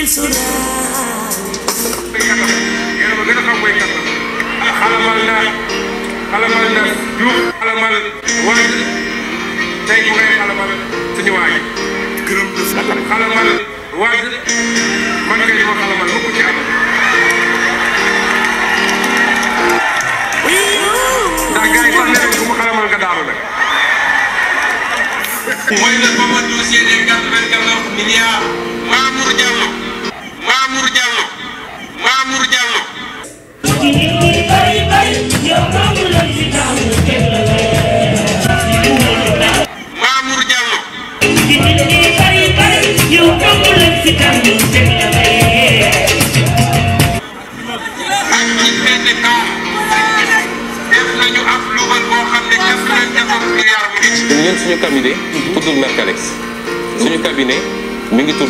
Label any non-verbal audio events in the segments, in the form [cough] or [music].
del Soda. xalamal na xalamal na Diouf xalamal Wade tey mu ngay xalamal suñu waay xalamal Wade man nga ñu ko xalamal lu ko ci am. ndax gars yi sax ne leen ku mu xalamal nga daanu nag. mooy le Mamadou Sénégal 24 milliards. Mamour Diallo Mamour Diallo Mamour Diallo Mamour Diallo ñun suñu cabinet tuddul Mercalex suñu cabinet mi ngi tudd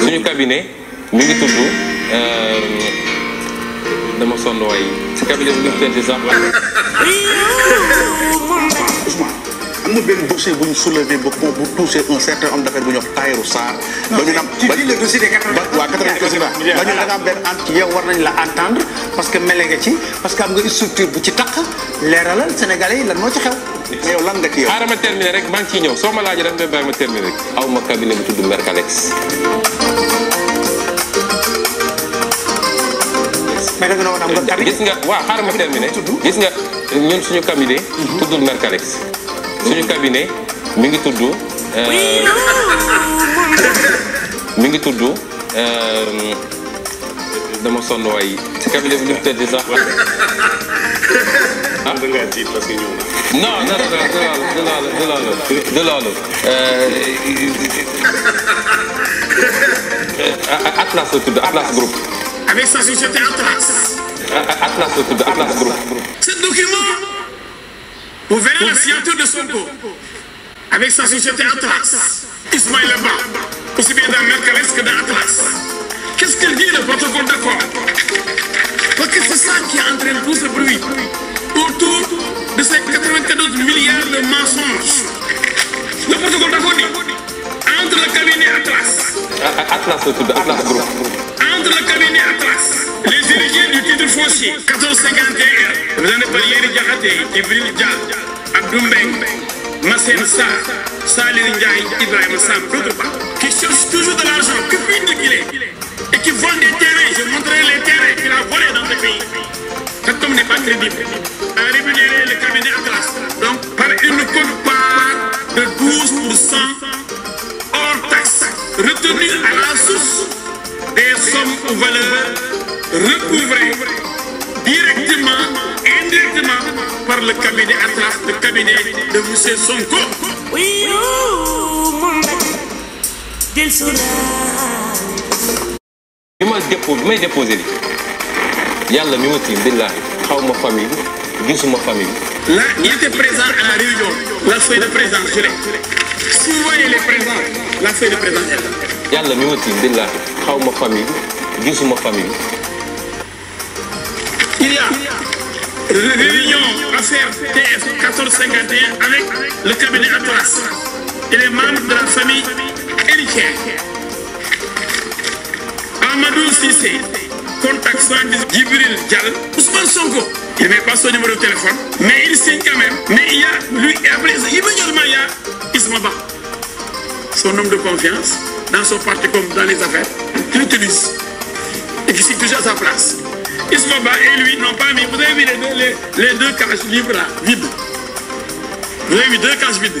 suñu euh, cabinet mi ngi tudd euh, dama sonn way ci cabinet bu ngi tënti sax amu ben dossier buñ soulever ba ko bu toucher un certain homme d'affaires buñu tayru sa Tahirou Sarr. ba ñu naan ba le dossier des 80 waaw 80 ba ñu da nga ben ant yow war nañ la entendre parce que mele ci parce que am nga structure bu ci tak léralal sénégalais lan mo ci xew. mais yow xaaral ma terminé rek maa ngi ciy ñëw soo ma laajee daf may bàyyi ma terminé rek. aw ma cabinet bi tudd Mercalex. mais da nga gis nga waaw xaaral ma terminé. gis nga ñun suñu cabinet. Mhm. tuddul Mercalex. suñu cabinet mi ngi tudd. Euh, [laughs] mi ngi tudd euh, dama sonn waay ci cabinet bi ñu tëdd sax. ah [laughs] Non, non, non, de loolu Atlas la de Atlas Group. avec sa société Atlas. Atlas la de Atlas Group. ce document. Vous verrez, la signature de Sonko. avec sa société Atlas. Ismaël Abba, aussi bien dans Mercalès que dans Atlas. qu'est-ce qu'il dit le protocole d'accord le entre le cabinet Atlas. Ah, ah, Atlas, Atlas Group. Entre le cabinet Atlas, les héritiers du titre foncier 1451, vous en pas parlé hier, Diakate, Ibril Dial, Abdoumbeng, Massel Sar, Salih Ndiaye, Ibrahim Sam, qui cherche toujours de l'argent, qui fuient des qu'il est, et qui vole des terrains. Je montrerai les terres qu'il a volés dans le pays. Cet homme n'est pas crédible de 12% hors taxe retenue à la source des sommes ou valeurs recouvrées directement, indirectement par le cabinet le cabinet de M. Sonko. Oui, oh, déposé ma famille Là, il était présent à la réunion, la feuille de présence, je l'ai. Si vous voyez les présents, la feuille de présence est là. mot mi wuti billahi xaw ma famille ma famille. il y a réunion affaire TF 1451 avec le cabinet Atlas et les membres de la famille héritière. Amadou Sissé, contact 70 Djibril Dial Ousmane Sonko. Il n'ai pas son numéro de téléphone, mais il signe quand même. Mais il y a, lui, après, immédiatement, il y a Ismaba, son homme de confiance, dans son parti comme dans les affaires, il l'utilise. Et qui signe toujours à sa place. Ismaba et lui n'ont pas mis, vous avez vu les deux, les, cages libres là, vides. Vous avez vu deux cages vides.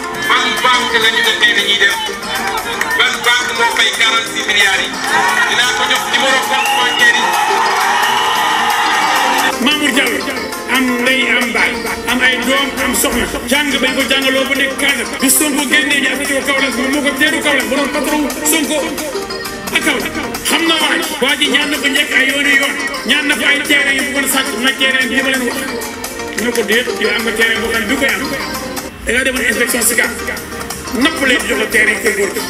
ban banque la ñu defee li ñuy def ban banque moo fay 46 milliards yi ko jox numéro compte bancaire Mamour Diallo am ndey am baay am ay doom am soxna jàng bañ ko jàngaloo ba nekk kaasa bi Sonko génnee ñu affecté ko Kaolack moom ko teeru Kaolack ba doon patron Sonko ak Kaolack xam naa ñaan na ko ay yoon ñaan na ay yu ma leen wax ko déet am du da ngaa demoon inspection SICAP napp leen jox la terre yi ko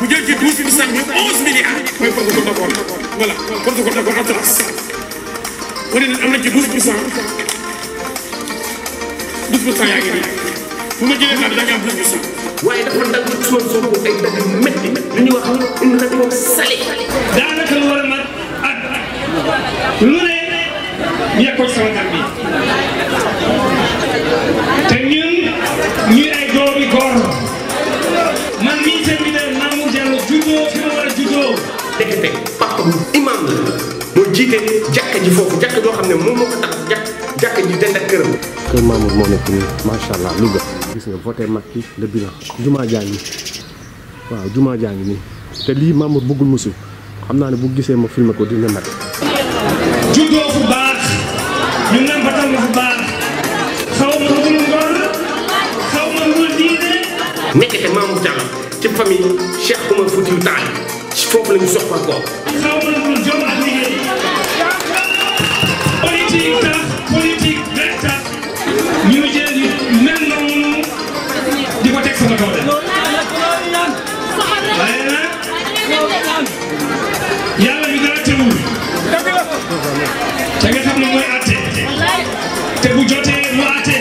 mu jël ci douze mille cent mille onze milliards mooy protocole d'accord voilà protocole d'accord assurance mu ne am na ci douze pour cent douze pour cent yaa ngi nii bu ma jëlee daal daa ngi am douze pour cent waaye dafa dal Ousmane Sonko ay dëgg métti lu ñuy wax une réponse salée daanaka lu war a mat at lu ne yàqoo ci sama tànk bi imam la mooy jiite jàkka ji foofu jàkka joo xam ne moom moo ko tax jàkka jàkka ji dend ak këram. kër Mamour moo nekk nii macha allah Louga. gis nga voté Macky le bilan. jumaa jaa ngi waaw jumaa jaa ngi nii te lii Mamour bëggul musu xam naa ne bu gisee ma filmé ko dina nag. juddoo fu baax ñu baax xaw ma lu ngor xaw ma foofu la ñu soxla ko xaw ma ñu jom ak liggéey politique tax politique rek tax ñu jël mel noonu di ko teg sama kaw de waaye nag yàlla bi dara teewul te nga xam ne mooy àtte te bu jotee mu àtte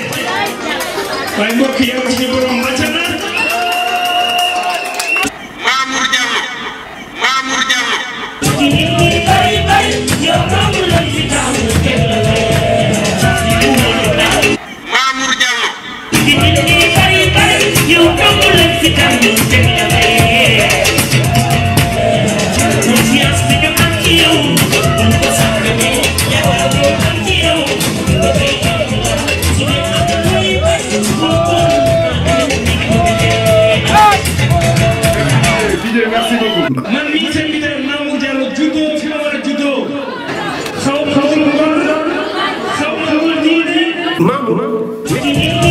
waaye mbokk yow ci borom àtte you.